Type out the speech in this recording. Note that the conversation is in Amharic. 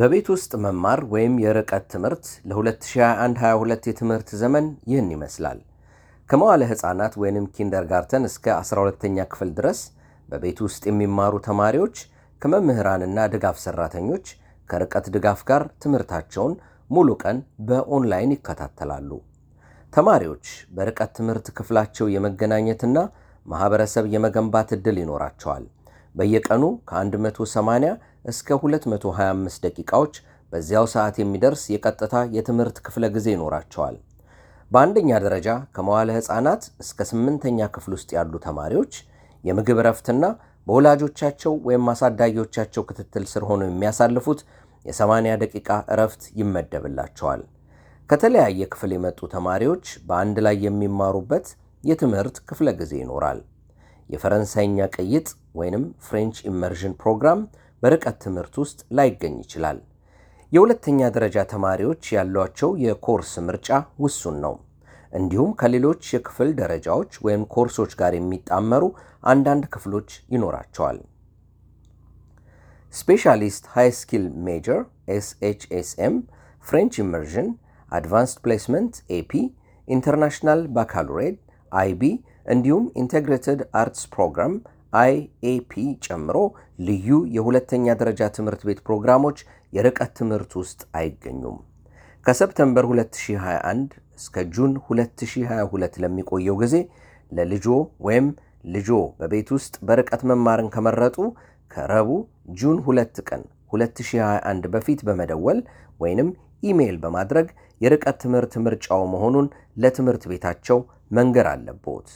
በቤት ውስጥ መማር ወይም የርቀት ትምህርት ለ2021/22 የትምህርት ዘመን ይህን ይመስላል። ከመዋለ ሕፃናት ወይንም ኪንደርጋርተን እስከ 12ኛ ክፍል ድረስ በቤት ውስጥ የሚማሩ ተማሪዎች ከመምህራንና ድጋፍ ሰራተኞች ከርቀት ድጋፍ ጋር ትምህርታቸውን ሙሉ ቀን በኦንላይን ይከታተላሉ። ተማሪዎች በርቀት ትምህርት ክፍላቸው የመገናኘትና ማህበረሰብ የመገንባት ዕድል ይኖራቸዋል። በየቀኑ ከ180 እስከ 225 ደቂቃዎች በዚያው ሰዓት የሚደርስ የቀጥታ የትምህርት ክፍለ ጊዜ ይኖራቸዋል። በአንደኛ ደረጃ ከመዋለ ሕፃናት እስከ ስምንተኛ ክፍል ውስጥ ያሉ ተማሪዎች የምግብ እረፍትና በወላጆቻቸው ወይም አሳዳጊዎቻቸው ክትትል ስር ሆነው የሚያሳልፉት የ80 ደቂቃ እረፍት ይመደብላቸዋል። ከተለያየ ክፍል የመጡ ተማሪዎች በአንድ ላይ የሚማሩበት የትምህርት ክፍለ ጊዜ ይኖራል። የፈረንሳይኛ ቅይጥ ወይንም ፍሬንች ኢመርዥን ፕሮግራም በርቀት ትምህርት ውስጥ ላይገኝ ይችላል። የሁለተኛ ደረጃ ተማሪዎች ያሏቸው የኮርስ ምርጫ ውሱን ነው። እንዲሁም ከሌሎች የክፍል ደረጃዎች ወይም ኮርሶች ጋር የሚጣመሩ አንዳንድ ክፍሎች ይኖራቸዋል። ስፔሻሊስት ሃይ ስኪል ሜጀር ኤስኤችኤስኤም፣ ፍሬንች ኢመርዥን፣ አድቫንስድ ፕሌስመንት ኤፒ፣ ኢንተርናሽናል ባካሎሬት አይቢ እንዲሁም ኢንቴግሬትድ አርትስ ፕሮግራም አይኤፒ ጨምሮ ልዩ የሁለተኛ ደረጃ ትምህርት ቤት ፕሮግራሞች የርቀት ትምህርት ውስጥ አይገኙም። ከሰብተምበር 2021 እስከ ጁን 2022 ለሚቆየው ጊዜ ለልጆ ወይም ልጆ በቤት ውስጥ በርቀት መማርን ከመረጡ ከረቡ ጁን 2 ቀን 2021 በፊት በመደወል ወይንም ኢሜይል በማድረግ የርቀት ትምህርት ምርጫው መሆኑን ለትምህርት ቤታቸው መንገር አለብዎት።